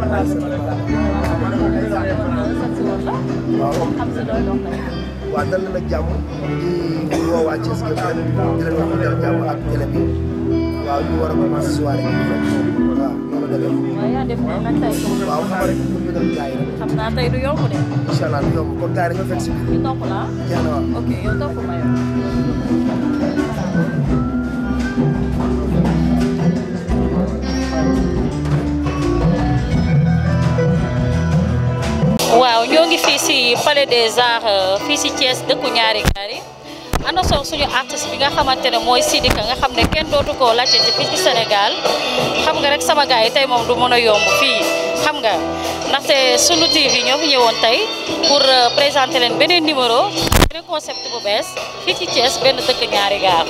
waaw dal na nag jàmm di woo waa Thiès gi tamit di leen wax dal jàmm ak télé bi waaw ñu war a commencé soirée bi waaw noonu la demee. waaw yaa def nag tey. waaw xam rek pour ñu dal gaay rek. xam naa tey du yomb de. incha allah du yomb kon gaay rek nga fekk si. ñu topp la ah. ok yow topp ma yow. waaw ñoo ngi fii si palais des arts euh, fii si Thiès dëkku ñaari gaar yi ànd soog suñu artiste bi nga xamante ne mooy Sidika nga xam ne kenn dootu koo laajte ci fii ci Sénégal xam nga rek sama gars yi tey moom du mën a yomb fii xam nga ndaxte sunu TV ñoo fi ñëwoon tey pour euh, présenter leen beneen numéro beneen concept bu bees fii ci Thiès benn dëkk ñaari gaar.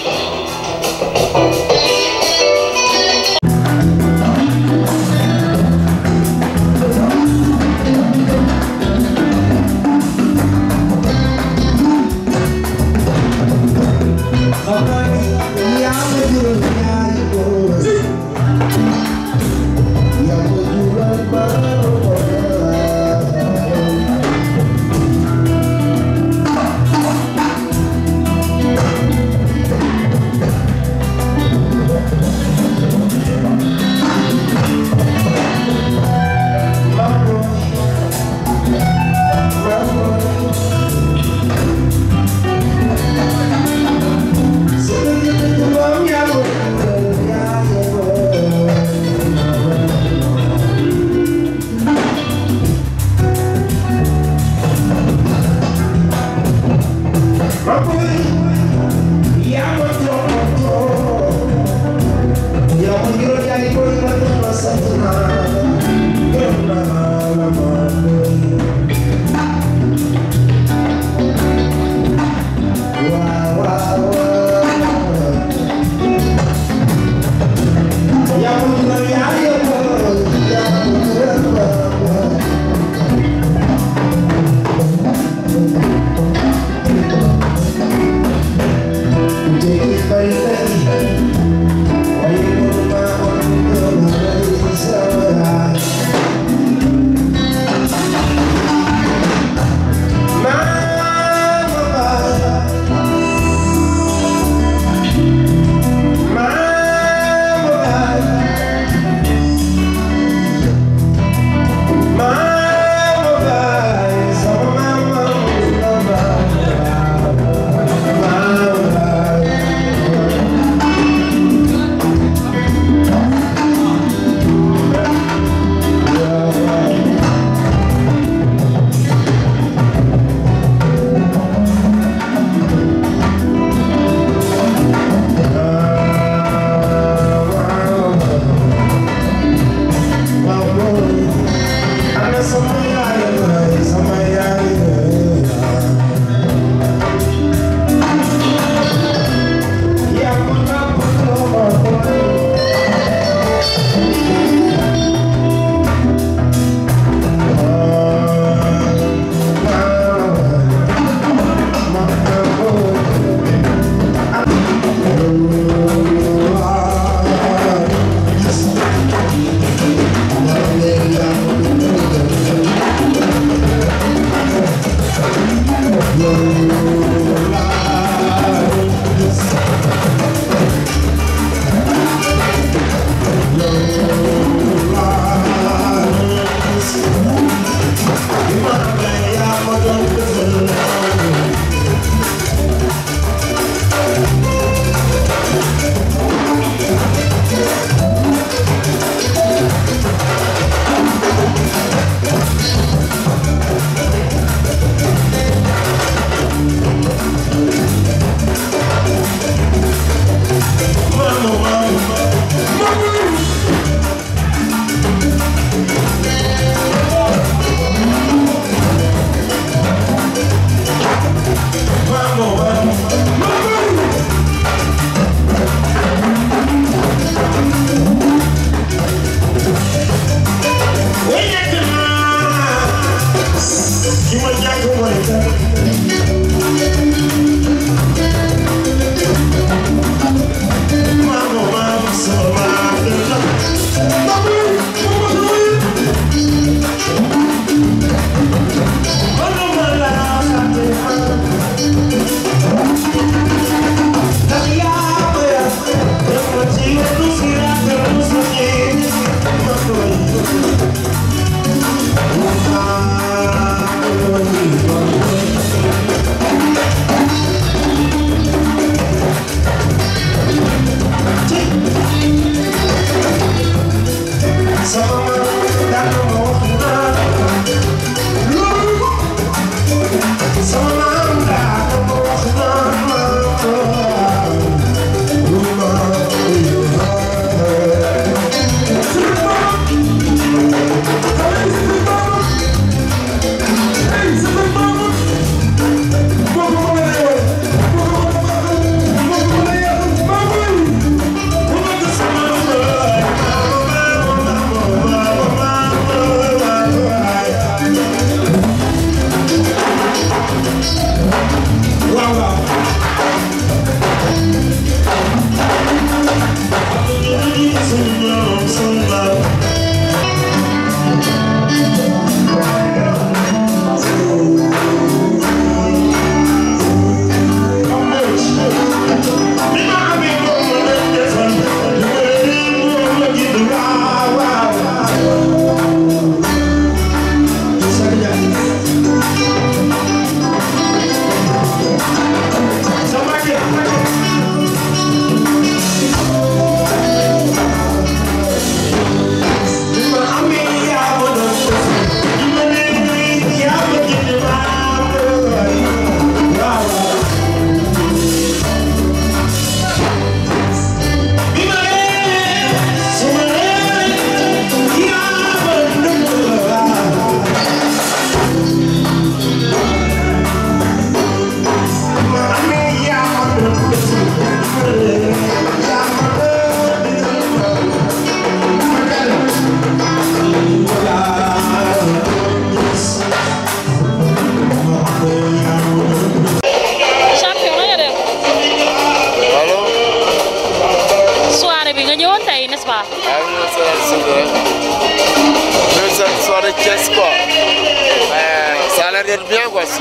quoi euh, ça a l'air d'être bien quoi si.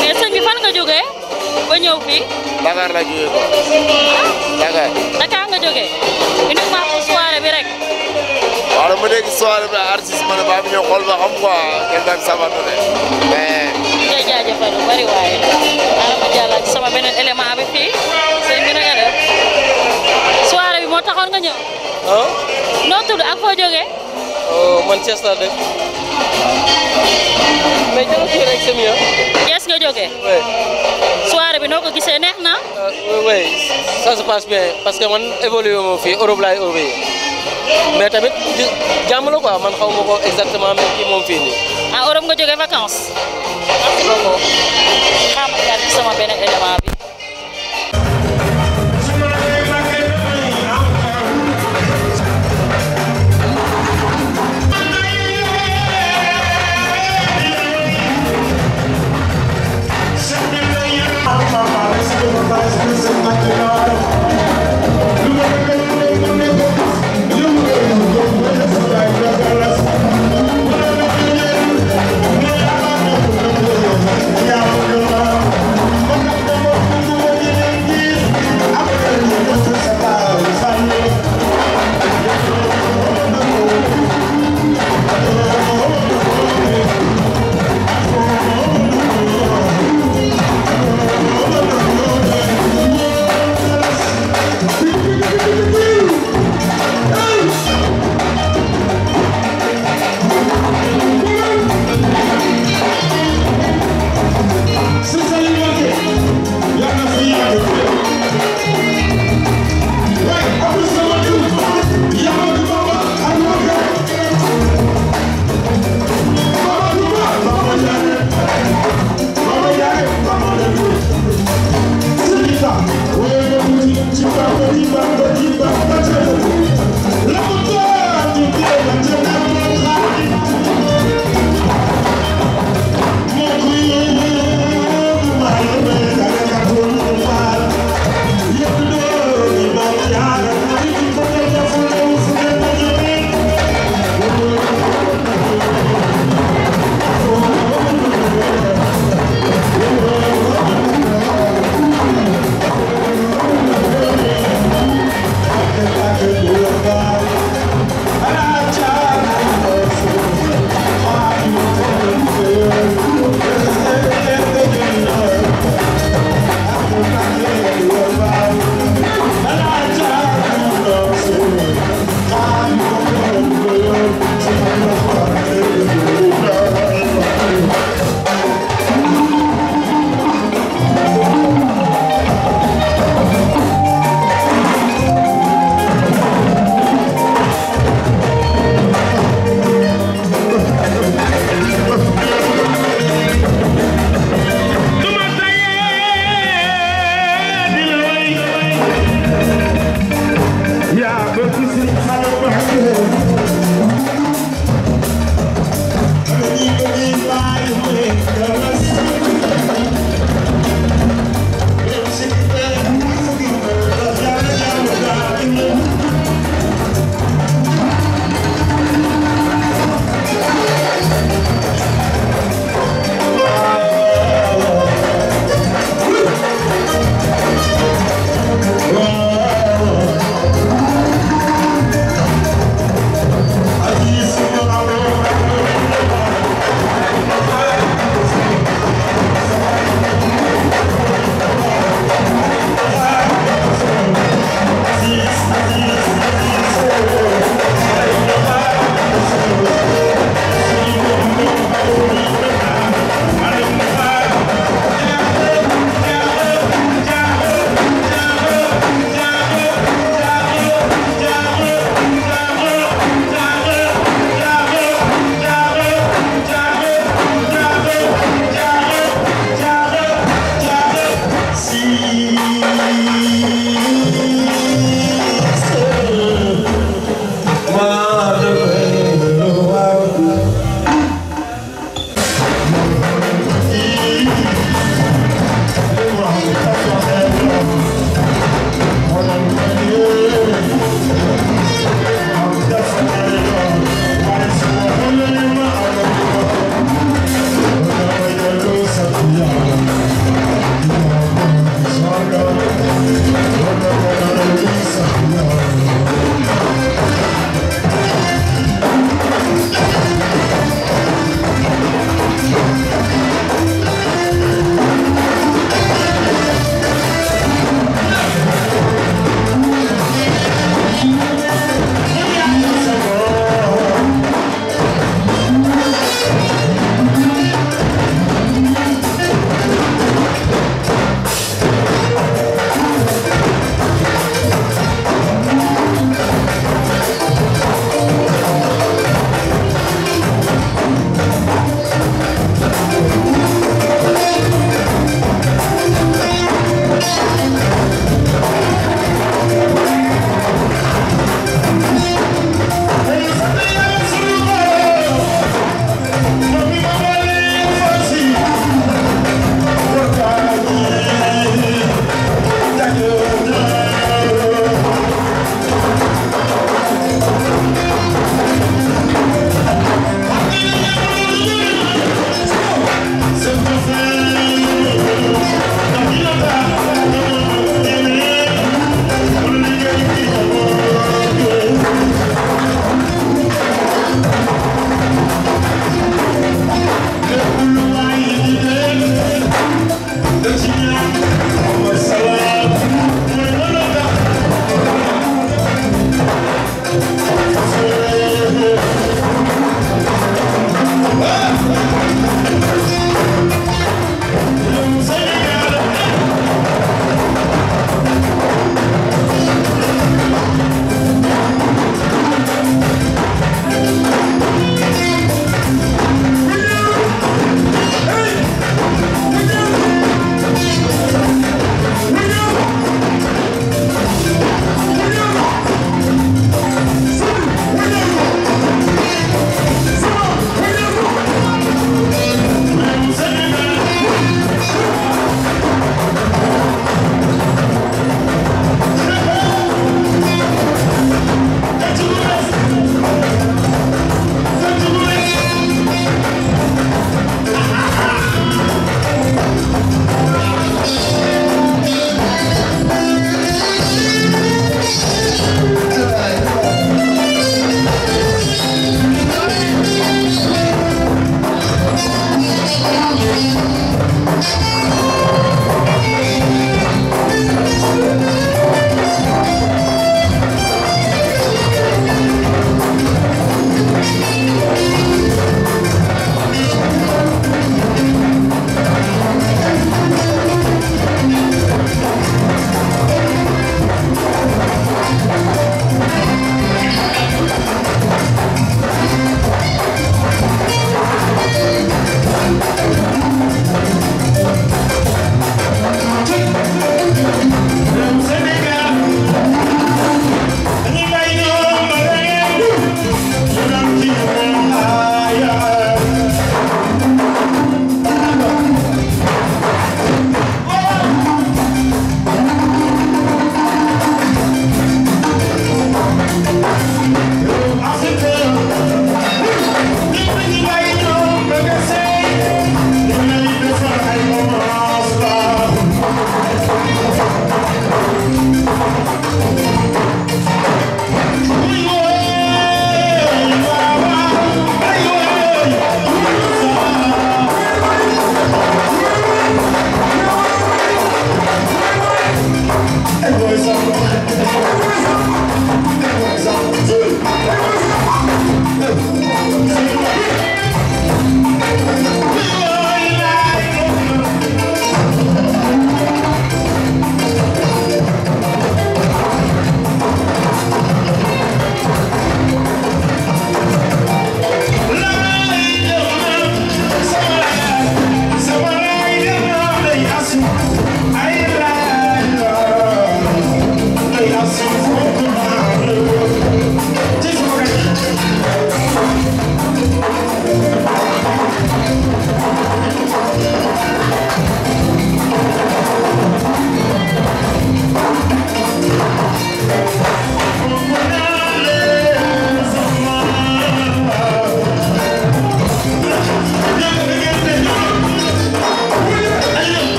mais fan nga jógee ba ñëw fii. Dakar la jógee quoi. Dakar. Dakar nga jógee. uniquement pour bi rek. waaw dama dégg soirée bi artiste ma ne ba am ñëw ba xam quoi kenn sabatu ne mais. ñu ngi lay waaye xaaral ma jàll ci sama beneen élément bi fii sëñ bi naka la soirée bi moo taxoon nga ñëw. ah. noo tudd ak foo jógee. Euh, man Thiès laa dëkk mais jëloon fii rek bi noo ko gisee na. Euh, oui ça se passe bien parce que man évolué wu ma fii Europe laay évolué mais tamit jàmm la man xaw ma ko exactement mais kii moom fii nii. ah Europe nga jógee vacances. ah loolu moom. xaaral ma sama benn élément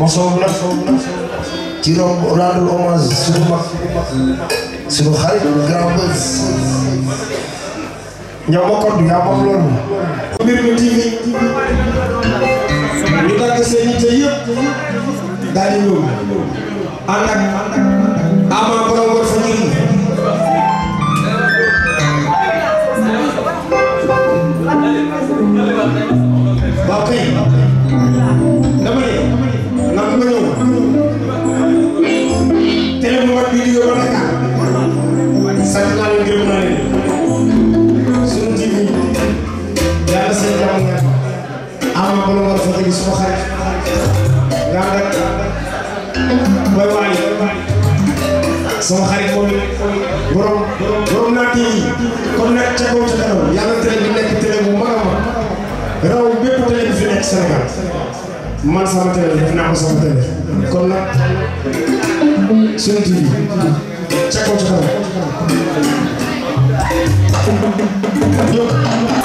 mosoon na ci romb rendul hommage suñu mag suñu xarit grand buzz ñoo ma kon yaa moom loolu Mbirma TV ñu dagg seen yitte yëpp daal di ñëw ànd ak Ama Baldé war fa ñëw ama bolo war fa gi suma xarit nga rek mooy waay sama xarit moom borom borom naa téye kon nag ca kaw ca kanam yàlla télé bi nekk télé bu mag a mag raw bépp télé bi fi nekk Sénégal man sama télé def naa ko sama télé kon nag Sunu TV ca kaw ca kanam